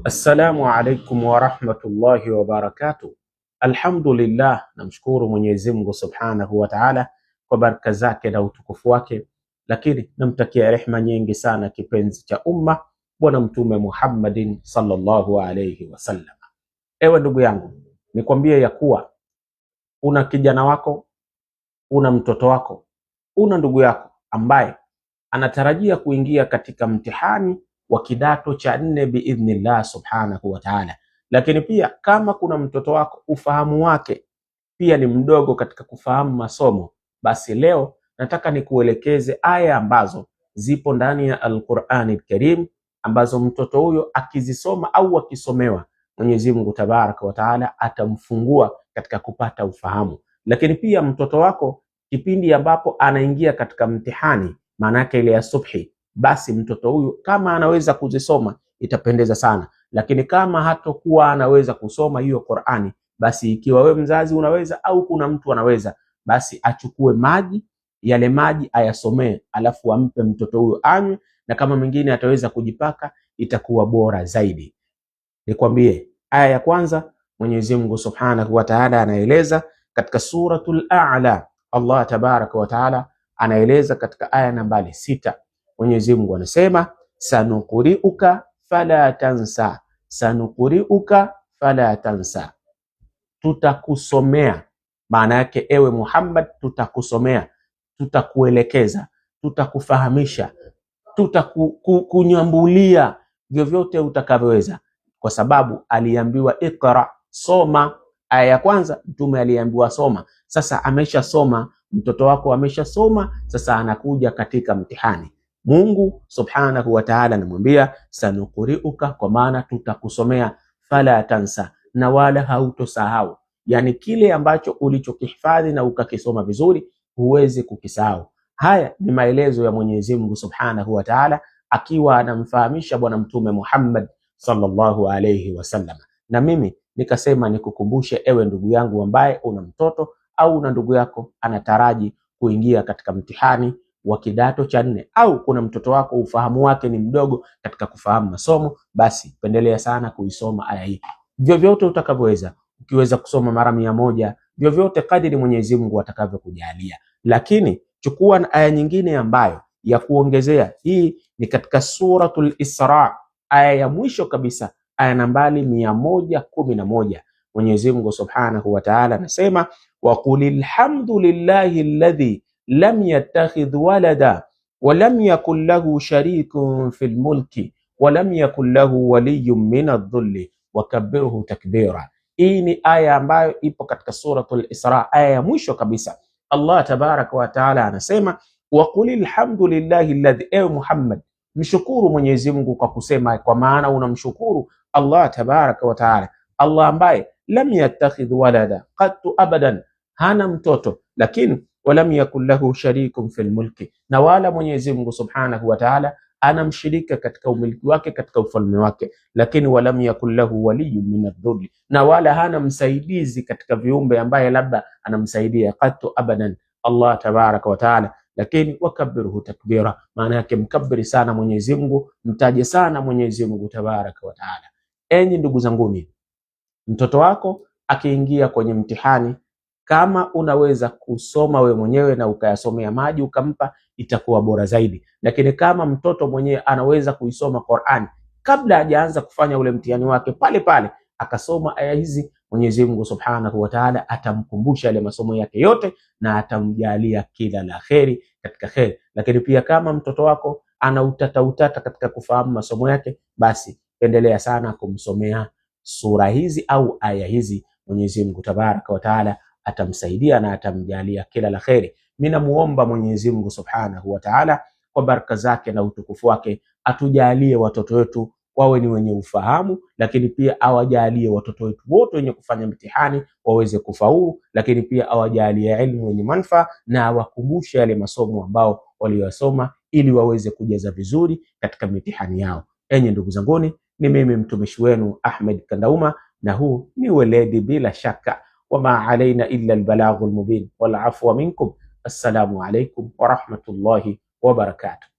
Assalamu alaikum warahmatullahi wabarakatuh. Alhamdulillah, namshukuru Mwenyezi Mungu subhanahu wa Ta'ala kwa baraka zake na utukufu wake, lakini namtakia rehma nyingi sana kipenzi cha umma Bwana Mtume Muhammadin sallallahu alayhi wasallam. Ewe ndugu yangu, nikwambie ya kuwa una kijana wako, una mtoto wako, una ndugu yako ambaye anatarajia kuingia katika mtihani wa kidato cha nne biidhnillah subhanahu wa ta'ala. Lakini pia kama kuna mtoto wako ufahamu wake pia ni mdogo katika kufahamu masomo, basi leo nataka nikuelekeze aya ambazo zipo ndani ya al Karim ambazo mtoto huyo akizisoma au akisomewa Mwenyezi Mungu Tabaraka wa Taala atamfungua katika kupata ufahamu. Lakini pia mtoto wako kipindi ambapo anaingia katika mtihani, maana ile ya subhi basi mtoto huyu kama anaweza kuzisoma itapendeza sana, lakini kama hatokuwa anaweza kusoma hiyo Qur'ani, basi ikiwa we mzazi unaweza au kuna mtu anaweza, basi achukue maji yale, maji ayasomee, alafu ampe mtoto huyo anywe, na kama mwingine ataweza kujipaka itakuwa bora zaidi. Nikwambie, aya ya kwanza Mwenyezi Mungu Subhanahu wa Ta'ala anaeleza katika suratul A'la, Allah Tabaraka wa Ta'ala anaeleza katika aya nambari sita Mwenyezi Mungu anasema sanukuriuka fala tansa, sanukuriuka fala tansa, tutakusomea. Maana yake ewe Muhammad, tutakusomea, tutakuelekeza, tutakufahamisha, tutakunyambulia vyovyote utakavyoweza, kwa sababu aliambiwa ikra, soma. Aya ya kwanza Mtume aliambiwa soma. Sasa ameshasoma, mtoto wako ameshasoma, sasa anakuja katika mtihani Mungu subhanahu wa ta'ala anamwambia sanukuriuka, kwa maana tutakusomea, fala tansa, na wala hautosahau. Yani kile ambacho ulichokihifadhi na ukakisoma vizuri huwezi kukisahau. Haya ni maelezo ya Mwenyezi Mungu subhanahu wa ta'ala akiwa anamfahamisha Bwana Mtume Muhammad sallallahu alayhi wasallam. Na mimi nikasema nikukumbushe, ewe ndugu yangu ambaye una mtoto au una ndugu yako anataraji kuingia katika mtihani wa kidato cha nne au kuna mtoto wako ufahamu wake ni mdogo katika kufahamu masomo, basi pendelea sana kuisoma aya hii vyovyote utakavyoweza. Ukiweza kusoma mara mia moja, vyovyote kadiri Mwenyezi Mungu atakavyokujalia. Lakini chukua na aya nyingine ambayo ya kuongezea. Hii ni katika Suratul Isra, aya ya mwisho kabisa, aya nambari mia moja kumi na moja. Mwenyezi Mungu Subhanahu wa Ta'ala anasema, wa qulil hamdulillahi alladhi lam yattakhidh walada walam yakun lahu sharikun fil mulki walam yakun lahu waliyun min adh-dhulli wakabirhu takbira. Hii ni aya ambayo ipo katika suratul Isra, aya ya mwisho kabisa. Allah tabaraka wa taala anasema waqul alhamdulillahi alladhi, ewe Muhammad, mshukuru Mwenyezi Mungu kwa kusema, kwa maana unamshukuru Allah tabaraka wa taala, Allah ambaye lam yattakhidh walada qattu abadan, hana mtoto lakini walam yakun lahu sharikun fil mulki, na wala Mwenyezi Mungu Subhanahu wa Ta'ala ana katika umiliki wake katika ufalme wake. Lakini walam yakun lahu waliyun min adh na wala hana msaidizi katika viumbe ambaye labda anamsaidia katu, abadan, Allah tabaraka wa Ta'ala lakini wakabirhu takbira, maana yake mkabiri sana Mwenyezi Mungu, mtaje sana Mwenyezi Mungu tabaraka wa Taala. Enyi ndugu zanguni, mtoto wako akiingia kwenye mtihani kama unaweza kusoma we mwenyewe na ukayasomea maji ukampa, itakuwa bora zaidi. Lakini kama mtoto mwenyewe anaweza kuisoma Qur'an kabla hajaanza kufanya ule mtihani wake, pale pale akasoma aya hizi, Mwenyezi Mungu Subhanahu wa Ta'ala atamkumbusha yale masomo yake yote na atamjalia kila la kheri katika kheri. Lakini pia kama mtoto wako ana utata utata katika kufahamu masomo yake, basi endelea sana kumsomea sura hizi au aya hizi. Mwenyezi Mungu Tabaraka wa Ta'ala atamsaidia na atamjalia kila la kheri. Mimi namuomba Mwenyezi Mungu Subhanahu wa Ta'ala kwa baraka zake na utukufu wake atujalie watoto wetu wawe ni wenye ufahamu, lakini pia awajalie watoto wetu wote wenye kufanya mtihani waweze kufaulu, lakini pia awajalie elimu yenye manufaa na awakumbushe yale masomo ambao waliyosoma ili waweze kujaza vizuri katika mitihani yao. Enye ndugu zanguni, ni mimi mtumishi wenu Ahmed Kandauma, na huu ni Weledi bila shaka وما علينا إلا البلاغ المبين والعفو منكم السلام عليكم ورحمة الله وبركاته